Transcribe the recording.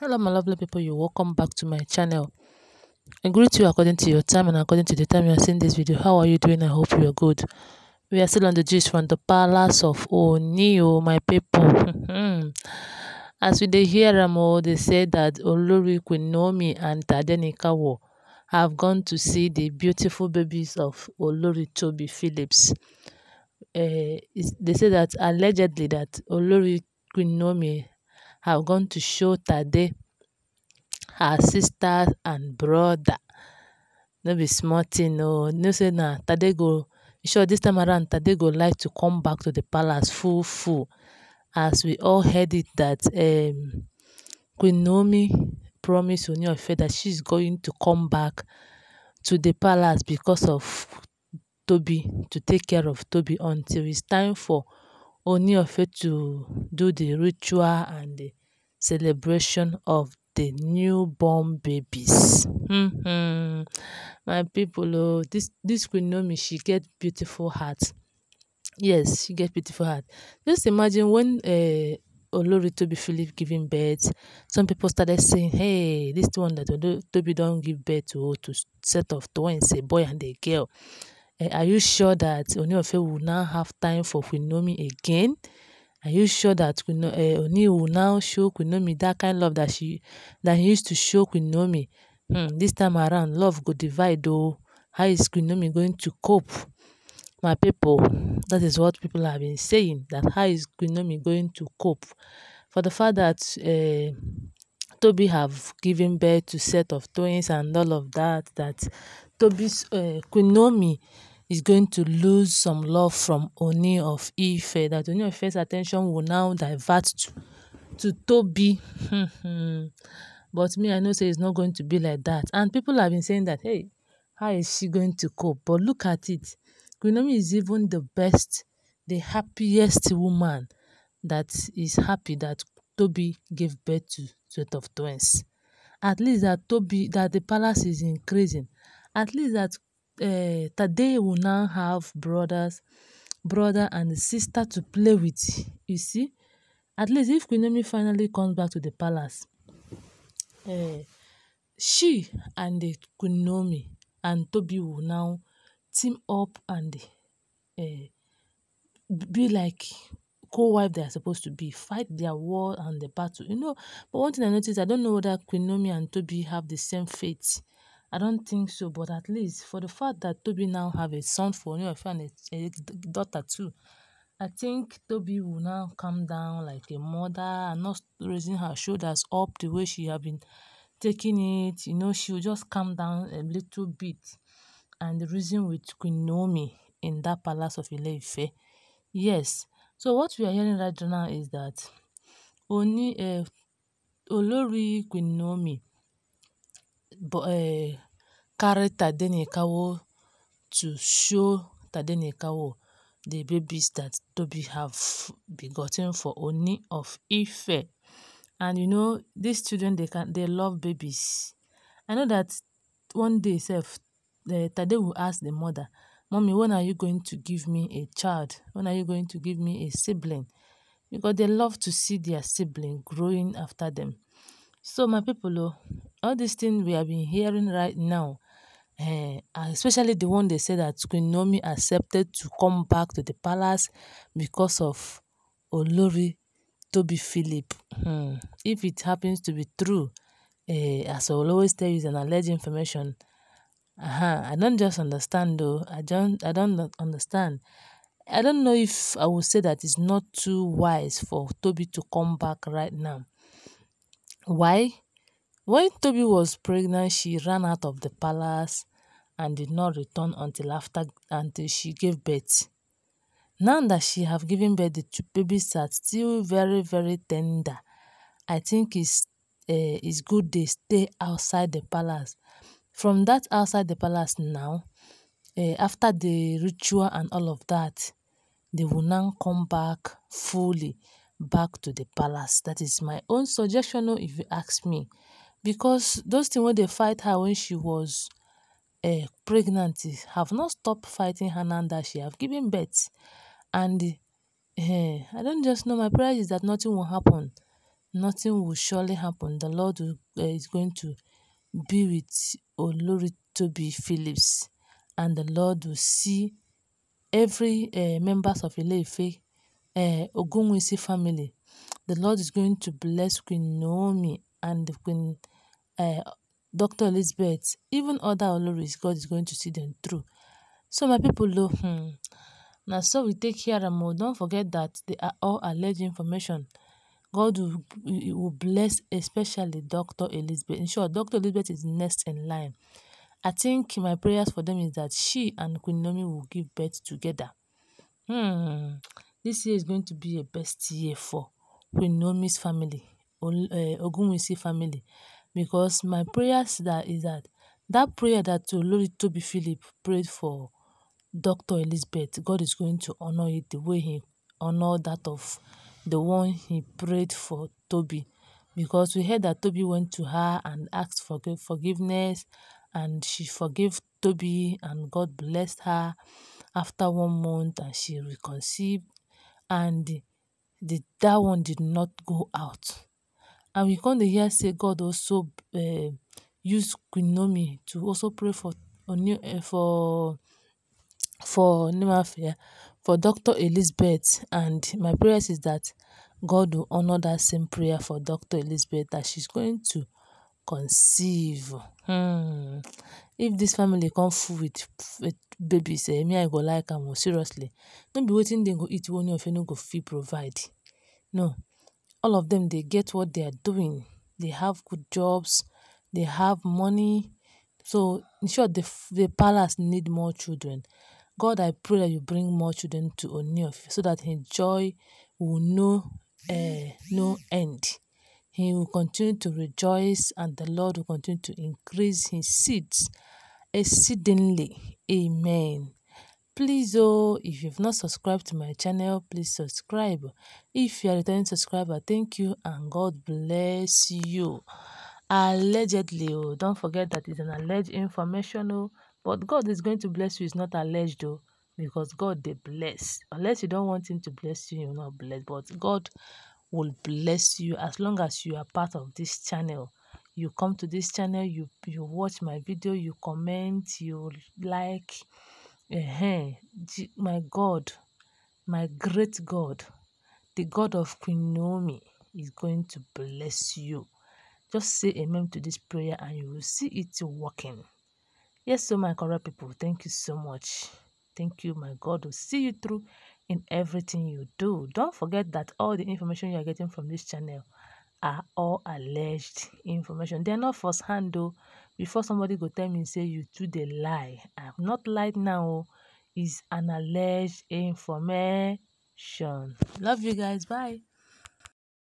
hello my lovely people you welcome back to my channel i greet you according to your time and according to the time you are seeing this video how are you doing i hope you are good we are still on the gist from the palace of Onio, oh, my people as we dey hear them all, oh, they say that olori queen and tadenikawo have gone to see the beautiful babies of olori toby phillips uh, eh, they say that allegedly that olori Queen Have gone to show Tade her sister and brother. No be small thing, no. No say na Tade go sure this time around Tade go like to come back to the palace full full. As we all heard it that um, Queen Nomi promised Oniofe that she's going to come back to the palace because of Toby to take care of Toby until it's time for only of it to do the ritual and the celebration of the newborn babies. Mm-hmm. My people, oh, this this Queen me. she get beautiful heart. Yes, she get beautiful heart. Just imagine when uh, Olori Toby Philip giving birth, some people started saying, "Hey, this one that Olori Toby don't give birth to, to set of twins, a boy and a girl." Eh, are you sure that Oniofe will now have time for Quinomi again? Are you sure that Quino, eh, Oni will now show Quinomi that kind of love that she that he used to show Quinomi? Hmm, this time around, love go divide though. How is Quinomi going to cope? My people, that is what people have been saying, that how is Quinomi going to cope? For the fact that uh, Toby have given birth to set of twins and all of that, that Toby's uh, Quinomi is going to lose some love from Oni of Ife, that Oni of Ife's attention will now divert to, to Toby. Hmm, hmm. but me, I know say it's not going to be like that. And people have been saying that, hey, how is she going to cope? But look at it. Queen is even the best, the happiest woman that is happy that Toby gave birth to set of twins. At least that Toby, that the palace is increasing. At least that uh, eh, Today will now have brothers, brother and sister to play with, you see. At least if Queen finally comes back to the palace, uh, she and the Queen and Toby will now team up and uh, be like co-wife they are supposed to be, fight their war and the battle, you know. But one thing I noticed, I don't know whether Queen and Toby have the same fate I don't think so, but at least for the fact that Toby now have a son for Oniofe and a, a daughter too, I think Toby will now come down like a mother and not raising her shoulders up the way she have been taking it. You know, she will just calm down a little bit. And the reason with Queen Naomi in that palace of ile Yes. So what we are hearing right now is that only uh, eh, Olori Queen Naomi Eh, carry Tadenikawo to show Tadenikawo the babies that Toby have begotten for Oni of Ife. And you know, these children, they can they love babies. I know that one day self, the, eh, Tade will ask the mother, Mommy, when are you going to give me a child? When are you going to give me a sibling? Because they love to see their sibling growing after them. So my people, oh, all these things we have been hearing right now, eh, especially the one they said that Queen Nomi accepted to come back to the palace because of Olori Toby Philip. Hmm. If it happens to be true, eh, as I will always tell you, is an alleged information. Uh-huh. I don't just understand though. I don't. I don't understand. I don't know if I would say that it's not too wise for Toby to come back right now why? When Toby was pregnant, she ran out of the palace and did not return until after until she gave birth. Now that she have given birth, the two babies are still very, very tender. I think it's, uh, it's good they stay outside the palace. From that outside the palace now, uh, after the ritual and all of that, they will now come back fully back to the palace. That is my own suggestion, if you ask me. Because those things when they fight her when she was uh, pregnant have not stopped fighting her now that she have given birth. And uh, I don't just know, my prayer is that nothing will happen. Nothing will surely happen. The Lord will, uh, is going to be with Olori Toby Phillips. And the Lord will see every uh, members of Faith uh, Ogunwusi family. The Lord is going to bless Queen Naomi and Queen uh, eh, Dr. Elizabeth, even other Oloris, God is going to see them through. So my people, look, hmm, now so we take care of more. Don't forget that they are all alleged information. God will, will bless especially Dr. Elizabeth. In short, Dr. Elizabeth is next in line. I think my prayers for them is that she and Queen Naomi will give birth together. Hmm. This year is going to be a best year for Quinomi's family, eh, Ogunwusi family because my prayers that is that that prayer that Lord Toby Philip prayed for Dr. Elizabeth, God is going to honor it the way he honored that of the one he prayed for Toby. Because we heard that Toby went to her and asked for forgiveness, and she forgave Toby, and God blessed her after one month, and she reconciled and the, that one did not go out. And we come to hear say God also uh, eh, used Queen to also pray for for eh, for Nemafia, for Dr. Elizabeth. And my prayers is that God will honor that same prayer for Dr. Elizabeth that she's going to conceive. um if this family come full with babies um me i go like am oh, seriously no be wetin dem go eat wey one of you no go fit provide no all of them dey get what they are doing they have good jobs they have money so in short the the palace need more children God I pray that you bring more children to Ooni of so that him joy will know, um eh, no end. He will continue to rejoice, and the Lord will continue to increase his seeds exceedingly. Amen. Please, oh, if you've not subscribed to my channel, please subscribe. If you are a returning subscriber, thank you and God bless you. Allegedly, oh, don't forget that it's an alleged information, oh, but God is going to bless you. It's not alleged, oh, because God they bless. Unless you don't want Him to bless you, you're not blessed. But God will bless you as long as you are part of this channel you come to this channel you you watch my video you comment you like uh-huh. my god my great god the god of queen naomi is going to bless you just say amen to this prayer and you will see it working yes so my correct people thank you so much thank you my god will see you through in everything you do. Don't forget that all the information you are getting from this channel are all alleged information. They're not first hand though. Before somebody go tell me say you do the lie. I'm not lied now. Oh. Is an alleged information. Love you guys. Bye.